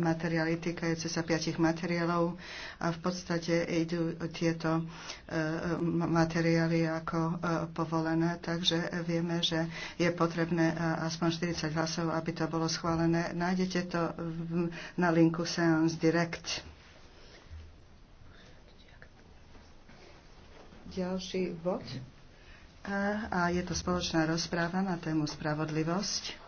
materiály týkajúce sa piatich materiálov a v podstate idú tieto e, materiály ako e, povolené, takže vieme, že je potrebné e, aspoň 40 hlasov, aby to bolo schválené. Nájdete to na linku Seance Direct. Ďalší bod. A je to spoločná rozpráva na tému spravodlivosť.